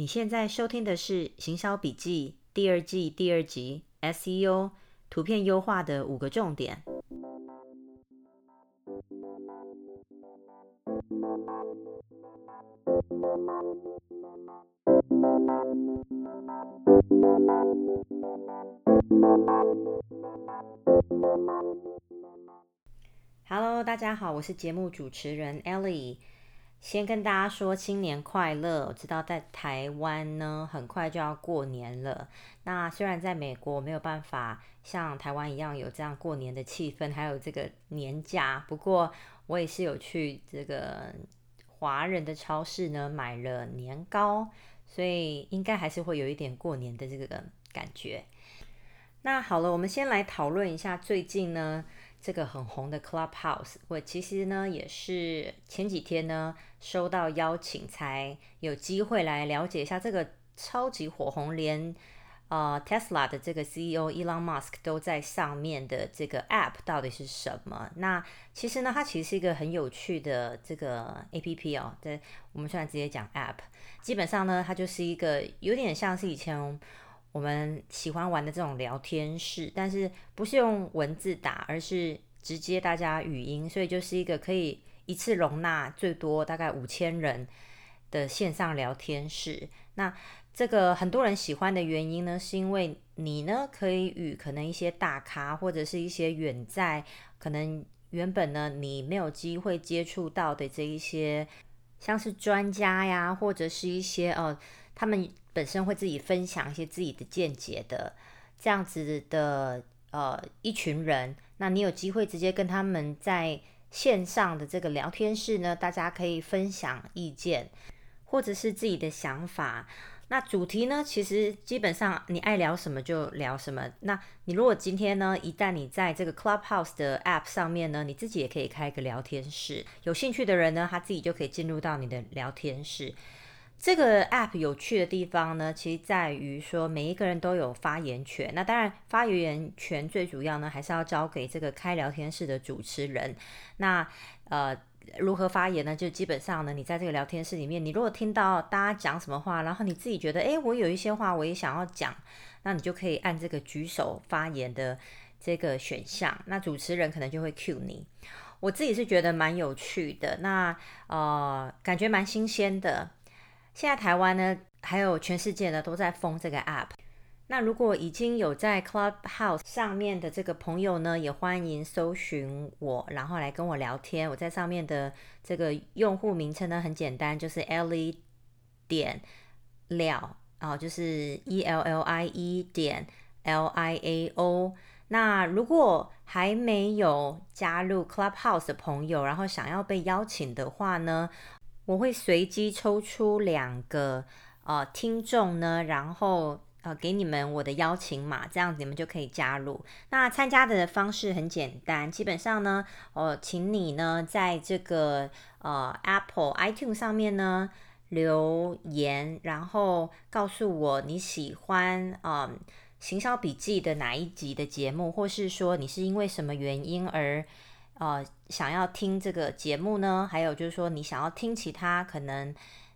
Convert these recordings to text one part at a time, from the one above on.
你現在收聽的是《行銷筆記》第二季第二集，SEO 圖片優化的五個重點。Hello，大家好，我是節目主持人 Ellie。先跟大家說新年快樂！我知道在台灣呢，很快就要過年了。那雖然在美國沒有辦法像台灣一樣有這樣過年的氣氛，還有這個年假，不過我也是有去這個華人的超市呢，買了年糕，所以應該還是會有一點過年的這個感覺。那好了，我們先來討論一下最近呢。這個很紅的 Clubhouse，我其實呢也是前幾天呢收到邀請才有機會來了解一下這個超級火紅，連呃 Tesla 的這個 CEO Elon Musk 都在上面的這個 App 到底是什麼？那其實呢，它其實是一個很有趣的這個 App 哦。在我們現在直接講 App，基本上呢，它就是一個有點像是以前。我們喜歡玩的這種聊天室，但是不是用文字打，而是直接大家語音，所以就是一個可以一次容納最多大概五千人的線上聊天室。那這個很多人喜歡的原因呢，是因為你呢可以與可能一些大咖，或者是一些遠在可能原本呢你沒有機會接觸到的這一些，像是專家呀，或者是一些呃。他們本身會自己分享一些自己的見解的，這樣子的呃一群人，那你有機會直接跟他們在線上的這個聊天室呢，大家可以分享意見或者是自己的想法。那主題呢，其實基本上你愛聊什麼就聊什麼。那你如果今天呢，一旦你在這個 Clubhouse 的 App 上面呢，你自己也可以開一個聊天室，有興趣的人呢，他自己就可以進入到你的聊天室。這個 app 有趣的地方呢，其實在於說每一個人都有發言權。那當然，發言權最主要呢，還是要交給這個開聊天室的主持人。那呃，如何發言呢？就基本上呢，你在這個聊天室裡面，你如果聽到大家講什麼話，然後你自己覺得，誒，我有一些話我也想要講，那你就可以按這個舉手發言的這個選項。那主持人可能就會 cue 你。我自己是覺得蠻有趣的，那呃，感覺蠻新鮮的。現在台灣呢，還有全世界呢，都在封這個 app。那如果已經有在 Clubhouse 上面的這個朋友呢，也歡迎搜尋我，然後來跟我聊天。我在上面的這個用戶名稱呢，很簡單，就是 Ellie 點廖，然後就是 E L L I E 點 L I A O。那如果還沒有加入 Clubhouse 的朋友，然後想要被邀請的話呢，我會隨機抽出兩個呃聽眾呢，然後呃給你們我的邀請碼，這樣你們就可以加入。那參加的方式很簡單，基本上呢，呃請你呢，在這個呃 Apple iTunes 上面呢留言，然後告訴我你喜歡啊、呃、行銷筆記的哪一集的節目，或是說你是因為什麼原因而呃。想要聽這個節目呢，還有就是說你想要聽其他可能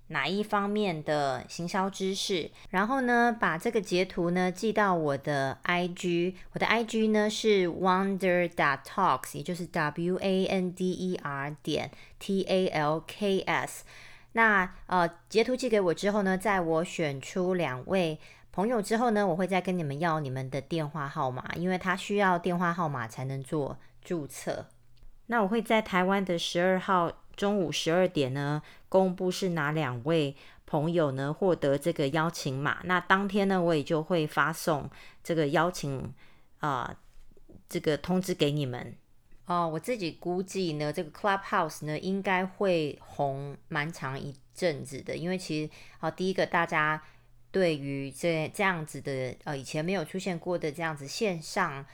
哪一方面的行銷知識，然後呢把這個截圖呢寄到我的 IG，我的 IG 呢是 wander dot talks，也就是 w a n d e r 點 t a l k s。那呃截圖寄給我之後呢，在我選出兩位朋友之後呢，我會再跟你們要你們的電話號碼，因為他需要電話號碼才能做註冊。那我會在台灣的十二號中午十二點呢，公布是哪兩位朋友呢獲得這個邀請碼。那當天呢，我也就會發送這個邀請啊、呃，這個通知給你們。哦、呃，我自己估計呢，這個 Clubhouse 呢應該會紅蠻長一陣子的，因為其實啊、呃，第一個大家對於這這樣子的呃，以前沒有出現過的這樣子線上。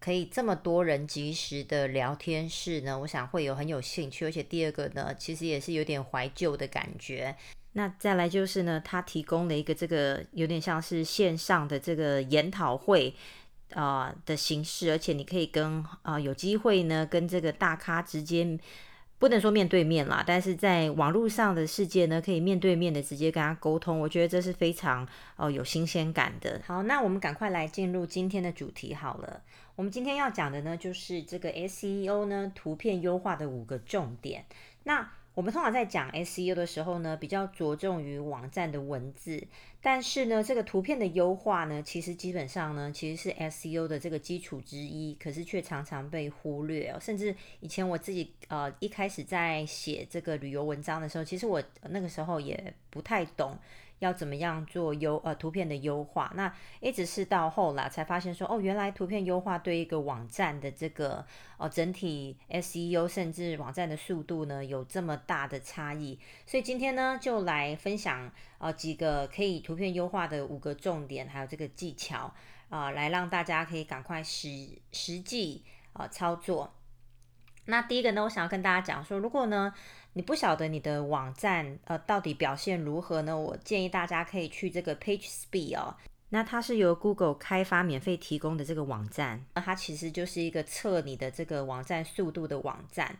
可以這麼多人即時的聊天室呢，我想會有很有興趣，而且第二個呢，其實也是有點懷舊的感覺。那再來就是呢，他提供了一個這個有點像是線上的這個研討會啊、呃、的形式，而且你可以跟啊、呃、有機會呢跟這個大咖直接。不能說面對面啦，但是在網絡上的世界呢，可以面對面的直接跟他溝通，我覺得這是非常哦、呃、有新鮮感的。好，那我們趕快來進入今天的主題好了。我們今天要講的呢，就是這個 SEO 呢，圖片優化的五個重點。那我們通常在講 SEO 的時候呢，比較着重於網站的文字。但是呢，這個圖片的優化呢，其實基本上呢，其實是 SEO 的這個基礎之一，可是卻常常被忽略哦。甚至以前我自己呃一開始在寫這個旅遊文章的時候，其實我那個時候也不太懂。要怎麼樣做優呃圖片的優化？那一直是到後來才發現說哦，原來圖片優化對一個網站的這個呃整體 SEO 甚至網站的速度呢，有這麼大的差異。所以今天呢就來分享呃幾個可以圖片優化的五個重點，還有這個技巧啊、呃，來讓大家可以趕快實實際啊、呃、操作。那第一個呢，我想要跟大家講說，如果呢。你不曉得你的網站呃到底表現如何呢？我建議大家可以去這個 PageSpeed 哦，那它是由 Google 開發免費提供的，這個網站，它其實就是一個測你的這個網站速度的網站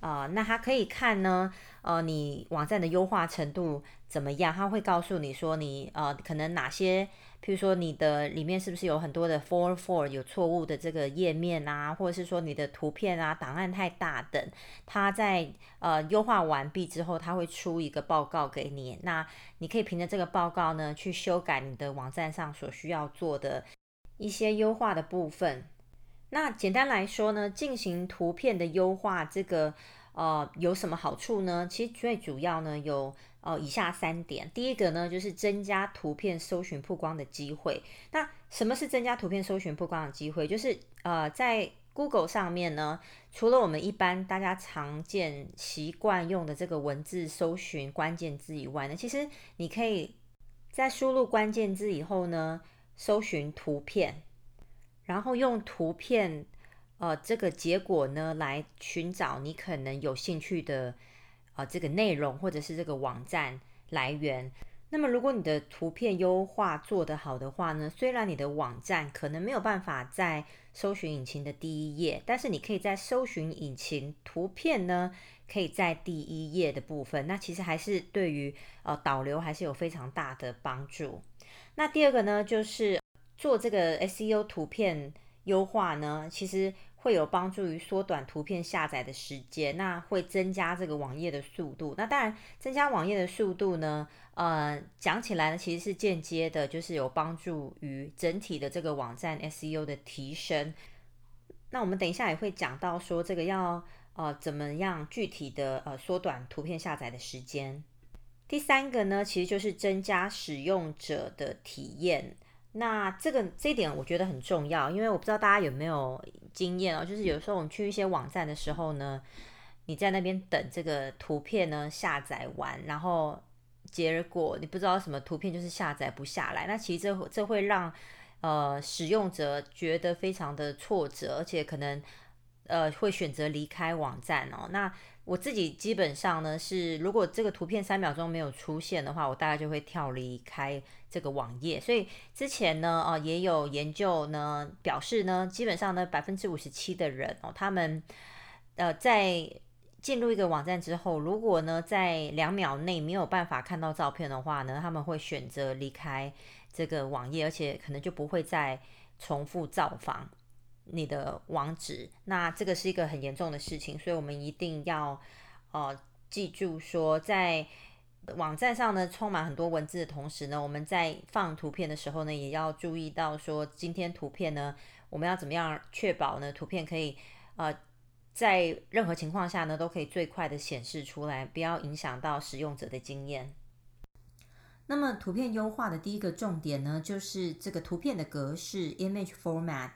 啊、呃。那它可以看呢，呃，你網站的優化程度怎麼樣？它會告訴你說你呃可能哪些。比如說你的裡面是不是有很多的404有錯誤的這個頁面啊，或者是說你的圖片啊、檔案太大等，它在呃優化完畢之後，它會出一個報告給你。那你可以憑着這個報告呢，去修改你的網站上所需要做的一些優化的部分。那簡單來說呢，進行圖片的優化，這個呃有什麼好處呢？其實最主要呢有。哦，以下三點，第一個呢，就是增加圖片搜尋曝光的機會。那什麼是增加圖片搜尋曝光的機會？就是呃，在 Google 上面呢，除了我們一般大家常見習慣用的這個文字搜尋關鍵字以外呢，其實你可以在輸入關鍵字以後呢，搜尋圖片，然後用圖片呃這個結果呢來尋找你可能有興趣的。啊，這個內容或者是這個網站來源。那麼，如果你的圖片優化做得好的話呢，雖然你的網站可能沒有辦法在搜尋引擎的第一頁，但是你可以在搜尋引擎圖片呢，可以在第一頁的部分。那其實還是對於呃導流還是有非常大的幫助。那第二個呢，就是做這個 SEO 圖片優化呢，其實。會有幫助於縮短圖片下載的時間，那會增加這個網頁的速度。那當然，增加網頁的速度呢，呃，講起來呢，其實是間接的，就是有幫助於整體的這個網站 SEO 的提升。那我們等一下也會講到說這個要呃怎麼樣具體的呃縮短圖片下載的時間。第三個呢，其實就是增加使用者的體驗。那這個這一點我覺得很重要，因為我不知道大家有沒有經驗哦，就是有時候我們去一些網站的時候呢，你在那邊等這個圖片呢下載完，然後結果你不知道什麼圖片就是下載不下來，那其實這這會讓呃使用者覺得非常的挫折，而且可能呃會選擇離開網站哦。那我自己基本上呢是，如果這個圖片三秒鐘沒有出現的話，我大概就會跳離開。這個網頁，所以之前呢，啊、哦，也有研究呢，表示呢，基本上呢，百分之五十七的人哦，他們呃，在進入一個網站之後，如果呢，在兩秒內沒有辦法看到照片的話呢，他們會選擇離開這個網頁，而且可能就不會再重複造訪你的網址。那這個是一個很嚴重的事情，所以我們一定要哦、呃，記住說在。網站上呢，充滿很多文字的同時呢，我們在放圖片的時候呢，也要注意到說，今天圖片呢，我們要怎麼樣確保呢？圖片可以，呃，在任何情況下呢，都可以最快的顯示出來，不要影響到使用者的經驗。那麼，圖片優化的第一個重點呢，就是這個圖片的格式 （image format），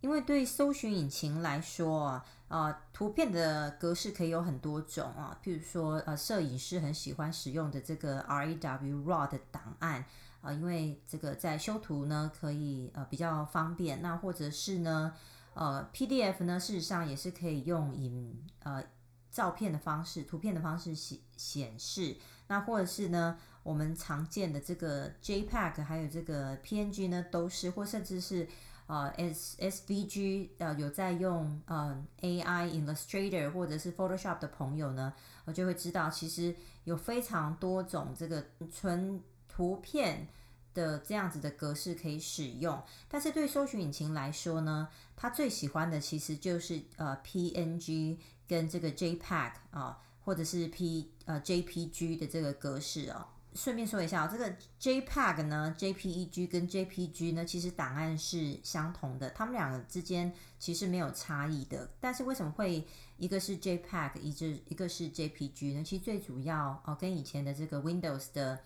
因為對搜尋引擎來說啊。啊、呃，圖片的格式可以有很多種啊，譬如說，呃，攝影師很喜歡使用的這個 R A W RAW 的檔案啊、呃，因為這個在修圖呢可以呃比較方便。那或者是呢，呃，P D F 呢，事實上也是可以用影呃照片的方式、圖片的方式顯顯示。那或者是呢，我們常見的這個 J P E G，還有這個 P N G 呢，都是或甚至是。啊，S SVG，呃，有在用嗯、uh, AI Illustrator 或者是 Photoshop 的朋友呢，我就會知道，其實有非常多種這個純圖片的這樣子的格式可以使用，但是對搜尋引擎來說呢，他最喜歡的其實就是呃、uh, PNG 跟這個 JPEG 啊，或者是 P 呃、uh, JPG 的這個格式啊。Uh 順便說一下，這個 JPEG 呢，JPEG 跟 JPG 呢，其實檔案是相同的，他們兩個之間其實沒有差異的。但是為什麼會一個是 JPEG，一這一個是 JPG 呢？其實最主要哦、呃，跟以前的這個 Windows 的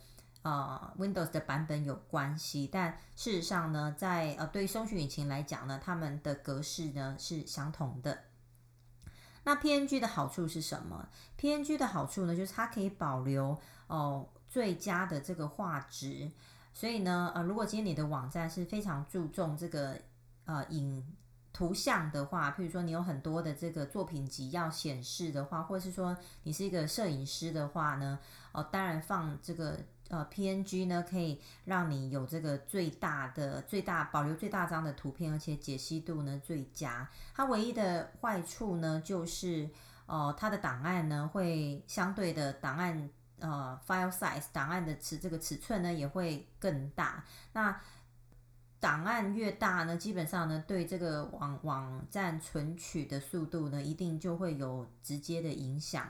呃 Windows 的版本有關係。但事實上呢，在呃對於搜尋引擎來講呢，它們的格式呢是相同的。那 PNG 的好處是什麼？PNG 的好處呢，就是它可以保留哦。呃最佳的這個畫質，所以呢，呃，如果今天你的網站是非常注重這個呃影圖像的話，譬如說你有很多的這個作品集要顯示的話，或者是說你是一個攝影師的話呢，哦、呃，當然放這個呃 PNG 呢，可以讓你有這個最大的最大保留最大張的圖片，而且解析度呢最佳。它唯一的壞處呢，就是哦、呃，它的檔案呢會相對的檔案。呃、uh，file size 檔案的尺這個尺寸呢也會更大。那檔案越大呢，基本上呢對這個網網站存取的速度呢一定就會有直接的影響。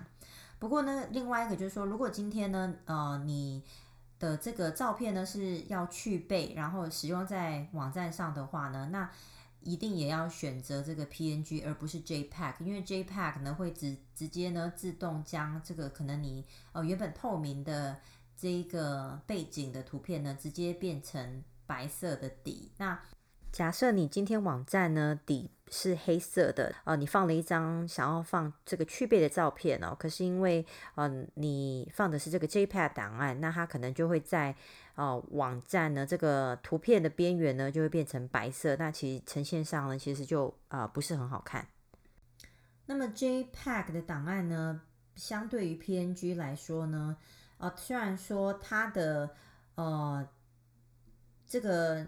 不過呢，另外一個就是說，如果今天呢，呃，你的這個照片呢是要去背，然後使用在網站上的話呢，那一定也要選擇這個 PNG，而不是 JPEG，因為 JPEG 呢會直直接呢自動將這個可能你呃原本透明的這一個背景的圖片呢直接變成白色的底。那假設你今天網站呢底是黑色的，呃你放了一張想要放這個去背的照片哦，可是因為，呃，你放的是這個 JPEG 檔案，那它可能就會在。哦，網站呢，這個圖片的邊緣呢就會變成白色，那其實呈現上呢，其實就啊、呃、不是很好看。那麼 JPEG 的檔案呢，相對於 PNG 來說呢，啊雖然說它的呃這個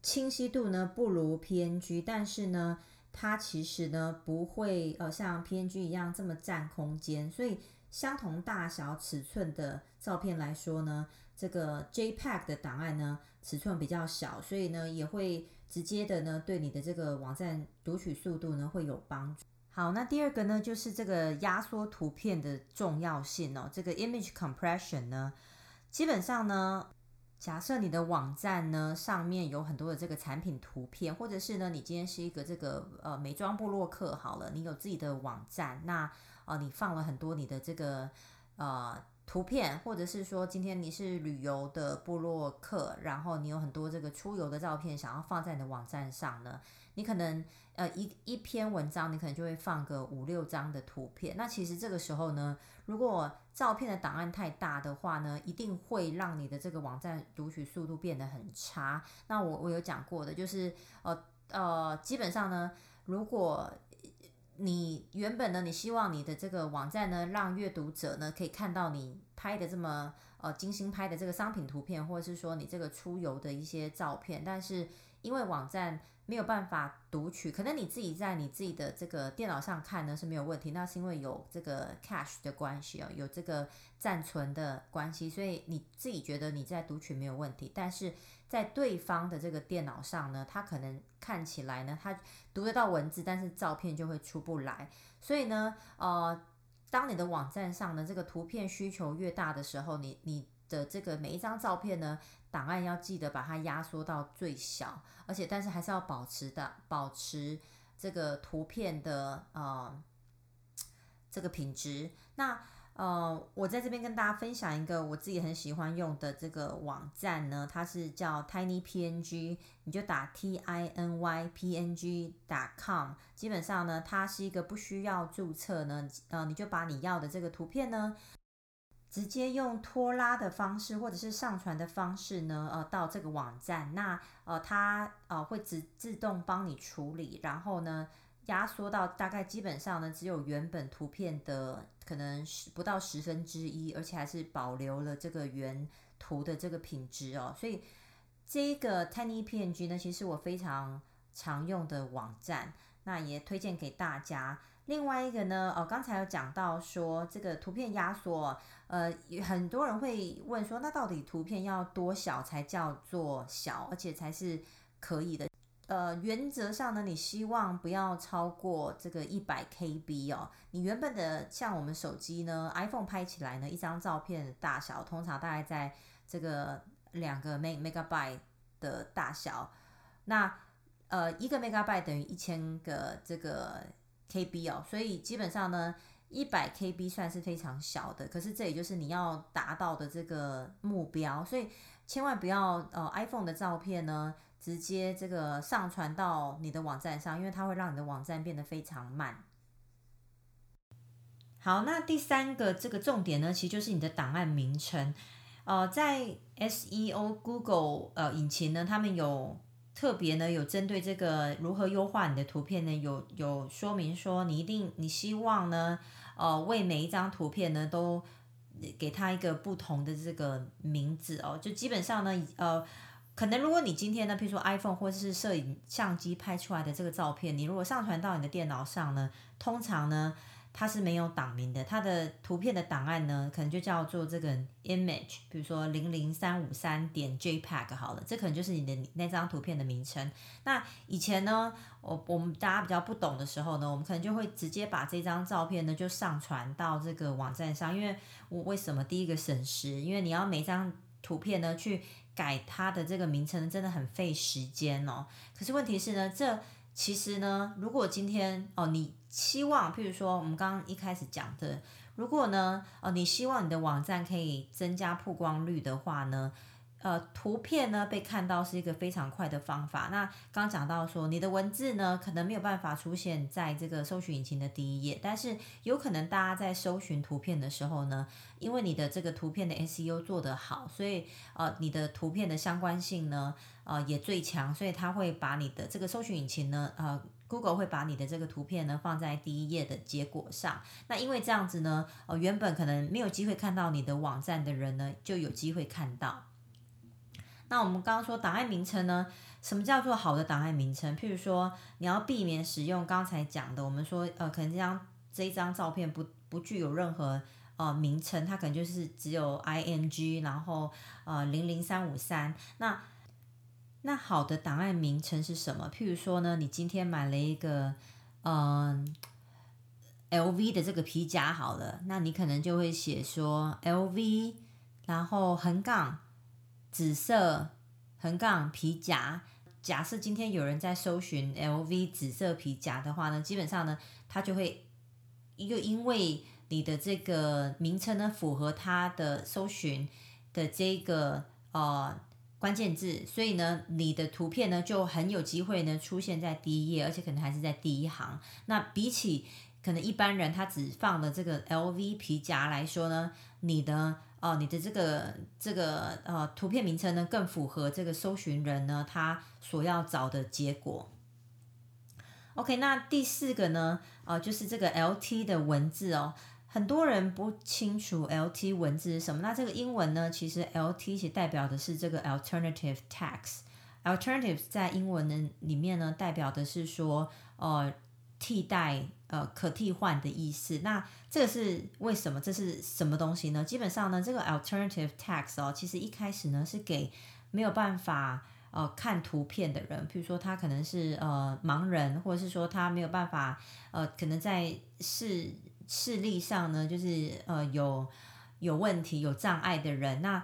清晰度呢不如 PNG，但是呢，它其實呢不會呃像 PNG 一樣這麼占空間，所以相同大小尺寸的照片來說呢。這個 JPEG 的檔案呢，尺寸比較小，所以呢，也會直接的呢，對你的這個網站讀取速度呢，會有幫助。好，那第二個呢，就是這個壓縮圖片的重要性哦。這個 Image Compression 呢，基本上呢，假設你的網站呢上面有很多的這個產品圖片，或者是呢，你今天是一個這個呃美妝部落客好了，你有自己的網站，那哦，呃，你放了很多你的這個呃。圖片，或者是說今天你是旅遊的部落客，然後你有很多這個出遊的照片，想要放在你的網站上呢，你可能呃一一篇文章，你可能就會放個五六張的圖片。那其實這個時候呢，如果照片的檔案太大的話呢，一定會讓你的這個網站讀取速度變得很差。那我我有講過的，就是呃呃，基本上呢，如果你原本呢，你希望你的這個網站呢，讓閱讀者呢可以看到你拍的這麼呃精心拍的這個商品圖片，或者是說你這個出遊的一些照片，但是因為網站沒有辦法讀取，可能你自己在你自己的這個電腦上看呢是沒有問題，那是因為有這個 cache 的關係啊，有這個暫存的關係，所以你自己覺得你在讀取沒有問題，但是。在對方的這個電腦上呢，他可能看起來呢，他讀得到文字，但是照片就會出不來。所以呢，呃，當你的網站上的這個圖片需求越大的時候，你你的這個每一張照片呢，檔案要記得把它壓縮到最小，而且但是還是要保持的，保持這個圖片的，呃，這個品質。那呃，我在這邊跟大家分享一個我自己很喜歡用的這個網站呢，它是叫 TinyPNG，你就打 tiny png dot com。基本上呢，它是一個不需要注冊呢，呃，你就把你要的這個圖片呢，直接用拖拉的方式或者是上傳的方式呢，呃，到這個網站，那呃，它呃會自自動幫你處理，然後呢。壓縮到大概基本上呢，只有原本圖片的可能十不到十分之一，而且還是保留了這個原圖的這個品質哦。所以這個 TinyPNG 呢，其實是我非常常用的網站，那也推薦給大家。另外一個呢，哦，剛才有講到說這個圖片壓縮，呃，很多人會問說，那到底圖片要多小才叫做小，而且才是可以的。呃，原則上呢，你希望不要超過這個一百 KB 哦。你原本的像我們手機呢，iPhone 拍起來呢，一張照片的大小通常大概在這個兩個 meg megabyte 的大小。那呃，一個 megabyte 等於一千個這個 KB 哦，所以基本上呢，一百 KB 算是非常小的。可是這也就是你要達到的這個目標，所以千萬不要呃，iPhone 的照片呢。直接這個上傳到你的網站上，因為它會讓你的網站變得非常慢。好，那第三個這個重點呢，其實就是你的檔案名稱。呃，在 SEO Google 呃引擎呢，他們有特別呢有針對這個如何優化你的圖片呢，有有說明說，你一定你希望呢，呃，為每一張圖片呢都給它一個不同的這個名字哦，就基本上呢，呃。可能如果你今天呢，譬如說 iPhone 或者是攝影相機拍出來的這個照片，你如果上傳到你的電腦上呢，通常呢它是沒有檔名的，它的圖片的檔案呢可能就叫做這個 image，比如說零零三五三點 JPG 好了，這可能就是你的那張圖片的名稱。那以前呢，我我們大家比較不懂的時候呢，我們可能就會直接把這張照片呢就上傳到這個網站上，因為我為什麼第一個省時？因為你要每張圖片呢去。改它的這個名稱真的很費時間哦。可是問題是呢，這其實呢，如果今天哦，你期望，譬如說我們剛剛一開始講的，如果呢哦，你希望你的網站可以增加曝光率的話呢，呃，圖片呢被看到是一個非常快的方法。那剛講到說，你的文字呢可能沒有辦法出現在這個搜尋引擎的第一頁，但是有可能大家在搜尋圖片的時候呢，因為你的這個圖片的 SEO 做得好，所以呃，你的圖片的相關性呢，呃，也最強，所以它會把你的這個搜尋引擎呢，呃，Google 會把你的這個圖片呢放在第一頁的結果上。那因為這樣子呢，呃，原本可能沒有機會看到你的網站的人呢，就有機會看到。那我們剛剛說檔案名稱呢，什麼叫做好的檔案名稱？譬如說，你要避免使用剛才講的，我們說，呃，可能這張這一張照片不不具有任何呃名稱，它可能就是只有 ING，然後呃零零三五三。那那好的檔案名稱是什麼？譬如說呢，你今天買了一個嗯、呃、LV 的這個皮夾好了，那你可能就會寫說 LV，然後橫槓。紫色橫槓皮夾，假設今天有人在搜尋 LV 紫色皮夾的話呢，基本上呢，他就會又因為你的這個名稱呢符合他的搜尋的這個呃關鍵字，所以呢，你的圖片呢就很有機會呢出現在第一頁，而且可能還是在第一行。那比起可能一般人他只放的這個 LV 皮夾來說呢，你的。哦，你的這個這個呃、哦、圖片名稱呢，更符合這個搜尋人呢他所要找的結果。OK，那第四個呢，哦、呃、就是這個 Alt 的文字哦，很多人不清楚 Alt 文字是什麼。那這個英文呢，其實 Alt 其實代表的是這個 Alternative Text。Alternative 在英文呢裡面呢代表的是說，哦、呃。替代，呃可替換的意思，那這個是為什麼？這是什麼東西呢？基本上呢，這個 alternative text 哦，其實一開始呢是給沒有辦法呃看圖片的人，譬如說他可能是呃盲人，或者是說他沒有辦法呃可能在視視力上呢，就是呃有有問題、有障礙的人。那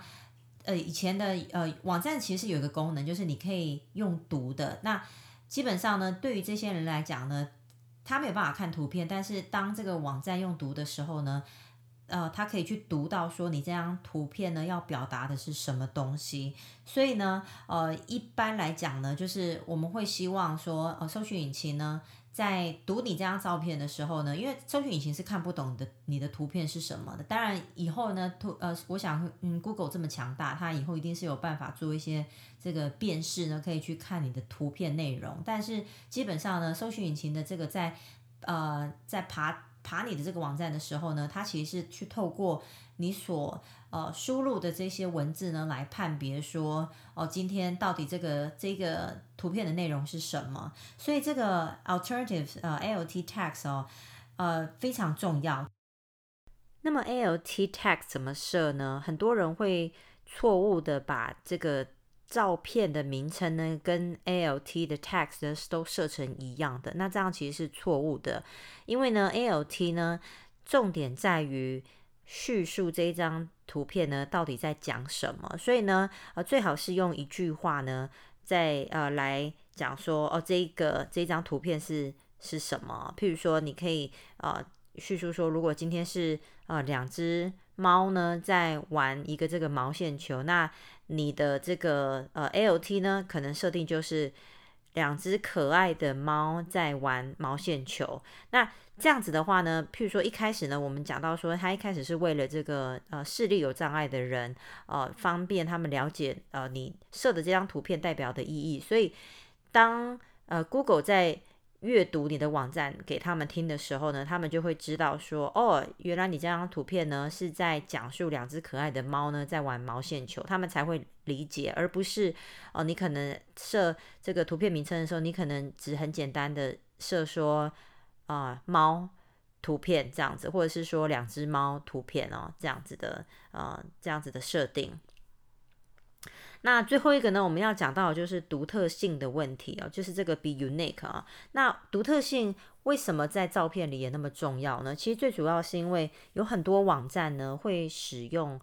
呃以前的呃網站其實是有一個功能，就是你可以用讀的。那基本上呢，對於這些人來講呢。他沒有辦法看圖片，但是當這個網站用讀的時候呢，呃，他可以去讀到說你這張圖片呢要表達的是什麼東西。所以呢，呃，一般來講呢，就是我們會希望說，呃，搜尋引擎呢。在讀你這張照片的時候呢，因為搜尋引擎是看不懂你的，你的圖片是什麼的。當然，以後呢，圖呃，我想，嗯，Google 這麼強大，它以後一定是有辦法做一些這個辨識呢，可以去看你的圖片內容。但是，基本上呢，搜尋引擎的這個在呃在爬爬你的這個網站的時候呢，它其實是去透過你所。呃，輸入的這些文字呢，來判別說，哦、呃，今天到底這個這個圖片的內容是什麼？所以這個 alternative 呃，alt text 哦、呃，呃非常重要。那麼 alt text 怎麼設呢？很多人會錯誤的把這個照片的名稱呢，跟 alt 的 text 呢都設成一樣的，那這樣其實是錯誤的，因為呢，alt 呢重點在於。敘述這一張圖片呢，到底在講什麼？所以呢，呃，最好是用一句話呢，再呃來講說哦，這一個這一張圖片是是什麼？譬如說，你可以呃敘述說，如果今天是呃兩隻貓呢在玩一個這個毛線球，那你的這個呃 Alt 呢，可能設定就是。兩隻可愛的貓在玩毛線球。那這樣子的話呢，譬如說一開始呢，我們講到說，他一開始是為了這個呃視力有障礙的人呃，方便他們了解呃你設的這張圖片代表的意義。所以當呃 Google 在閱讀你的網站給他們聽的時候呢，他們就會知道說，哦，原來你這張圖片呢是在講述兩只可愛的貓呢在玩毛線球，他們才會理解，而不是哦，你可能設這個圖片名稱的時候，你可能只很簡單的設說啊、呃，貓圖片這樣子，或者是說兩只貓圖片哦這樣子的，啊、呃，這樣子的設定。那最後一個呢，我們要講到就是獨特性的問題哦，就是這個 be unique 啊。那獨特性為什麼在照片裡也那麼重要呢？其實最主要是因為有很多網站呢會使用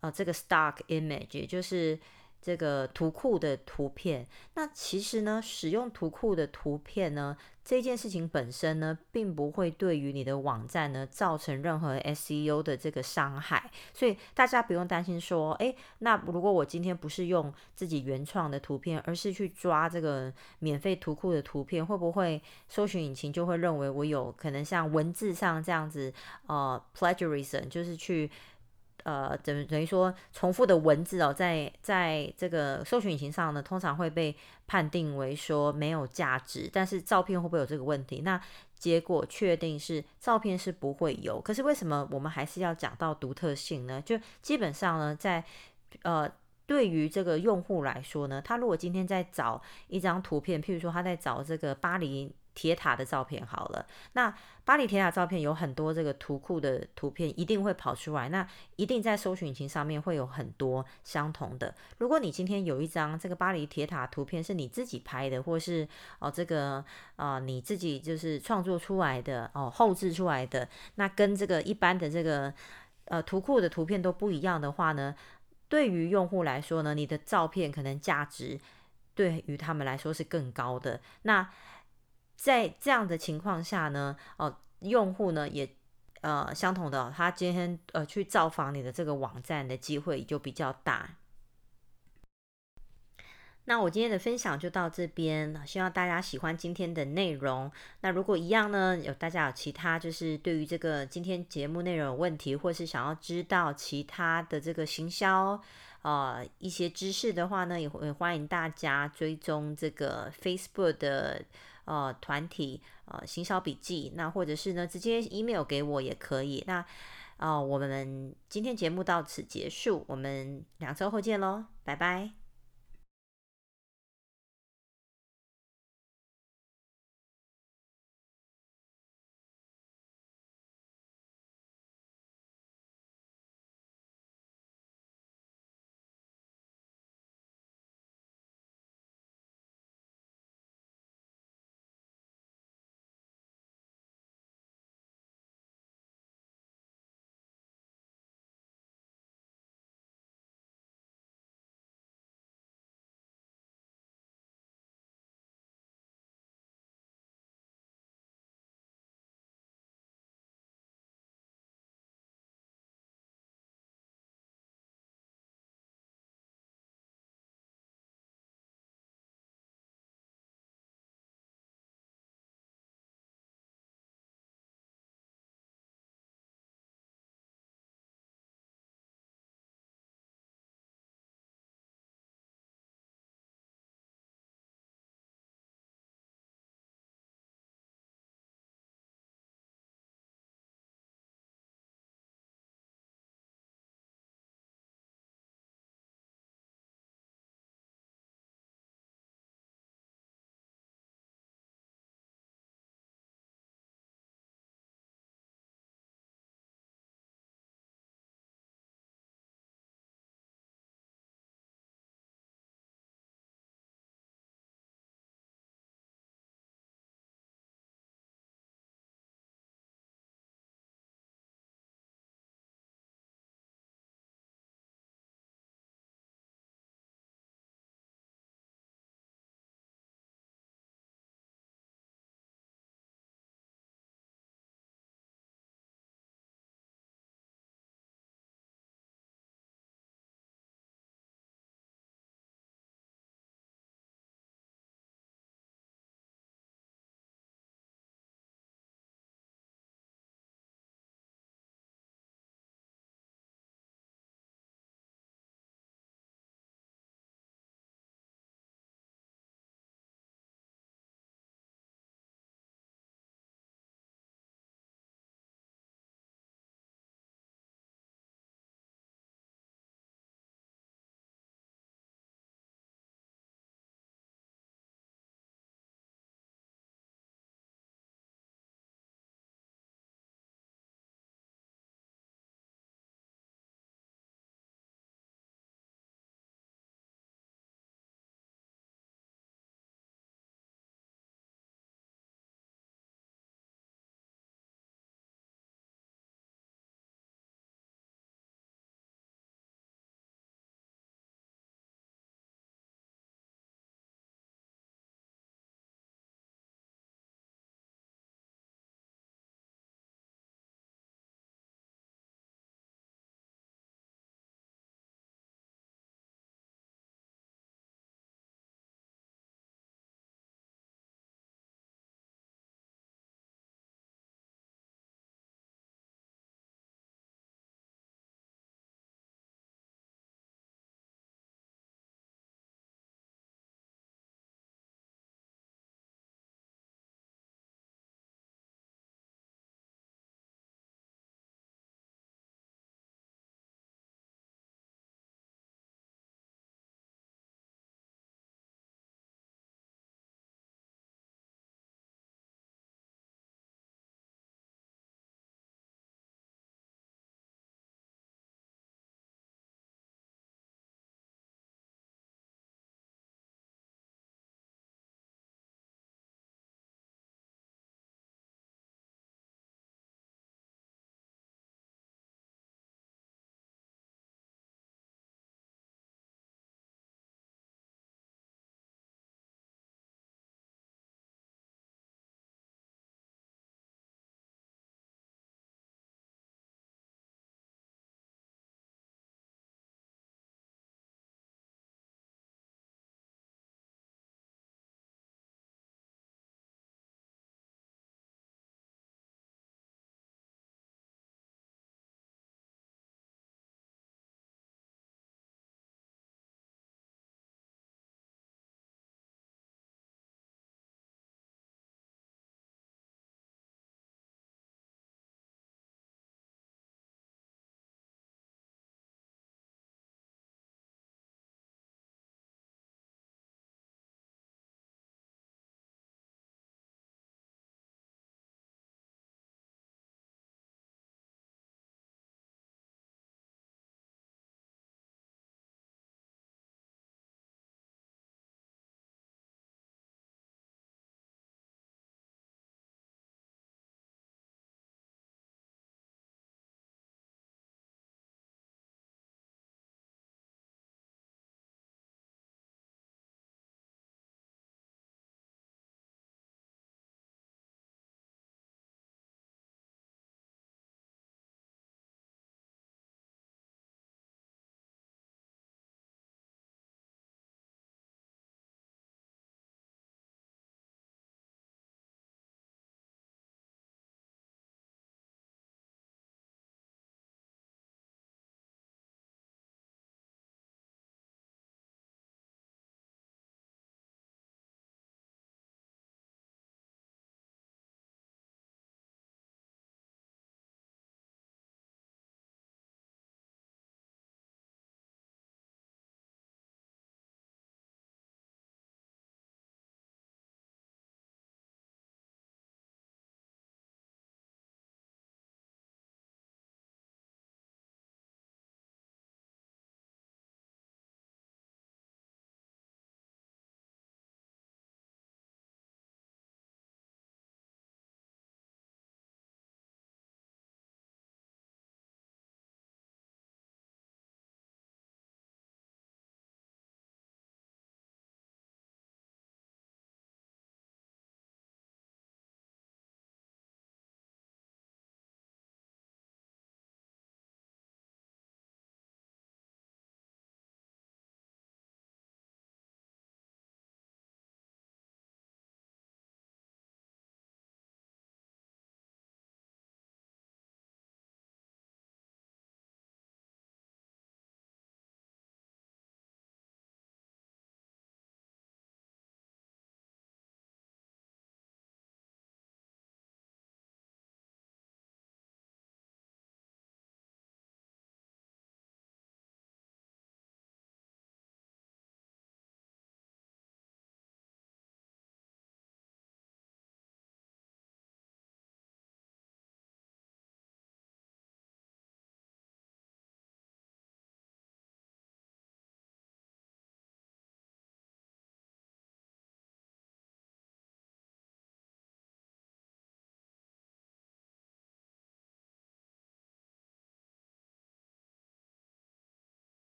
呃這個 stock image，也就是這個圖庫的圖片。那其實呢，使用圖庫的圖片呢，這件事情本身呢，並不會對於你的網站呢造成任何 SEO 的這個傷害，所以大家不用擔心說，哎，那如果我今天不是用自己原創的圖片，而是去抓這個免費圖庫的圖片，會不會搜尋引擎就會認為我有可能像文字上這樣子，呃，plagiarism 就是去。呃，等等於說，重複的文字哦，在在這個搜尋引擎上呢，通常會被判定為說沒有價值。但是照片會不會有這個問題？那結果確定是照片是不會有。可是為什麼我們還是要講到獨特性呢？就基本上呢，在呃，對於這個用戶來說呢，他如果今天在找一張圖片，譬如說他在找這個巴黎鐵塔的照片好了，那巴黎鐵塔照片有很多這個圖庫的圖片一定會跑出來，那一定在搜尋引擎上面會有很多相同的。如果你今天有一張這個巴黎鐵塔圖片是你自己拍的，或是哦這個啊、呃、你自己就是創作出來的哦後製出來的，那跟這個一般的這個呃圖庫的圖片都不一樣的話呢，對於用戶來說呢，你的照片可能價值對於他們來說是更高的。那在這樣的情況下呢，哦、呃，用戶呢也呃相同的，他今天呃去造訪你的這個網站的機會就比較大。那我今天的分享就到這邊，希望大家喜歡今天的內容。那如果一樣呢，有大家有其他就是對於這個今天節目內容有問題，或是想要知道其他的這個行銷呃一些知識的話呢，也會歡迎大家追蹤這個 Facebook 的。呃，團體呃，行銷筆記，那或者是呢，直接 email 給我也可以。那，呃，我們今天節目到此結束，我們兩周後見嘍，拜拜。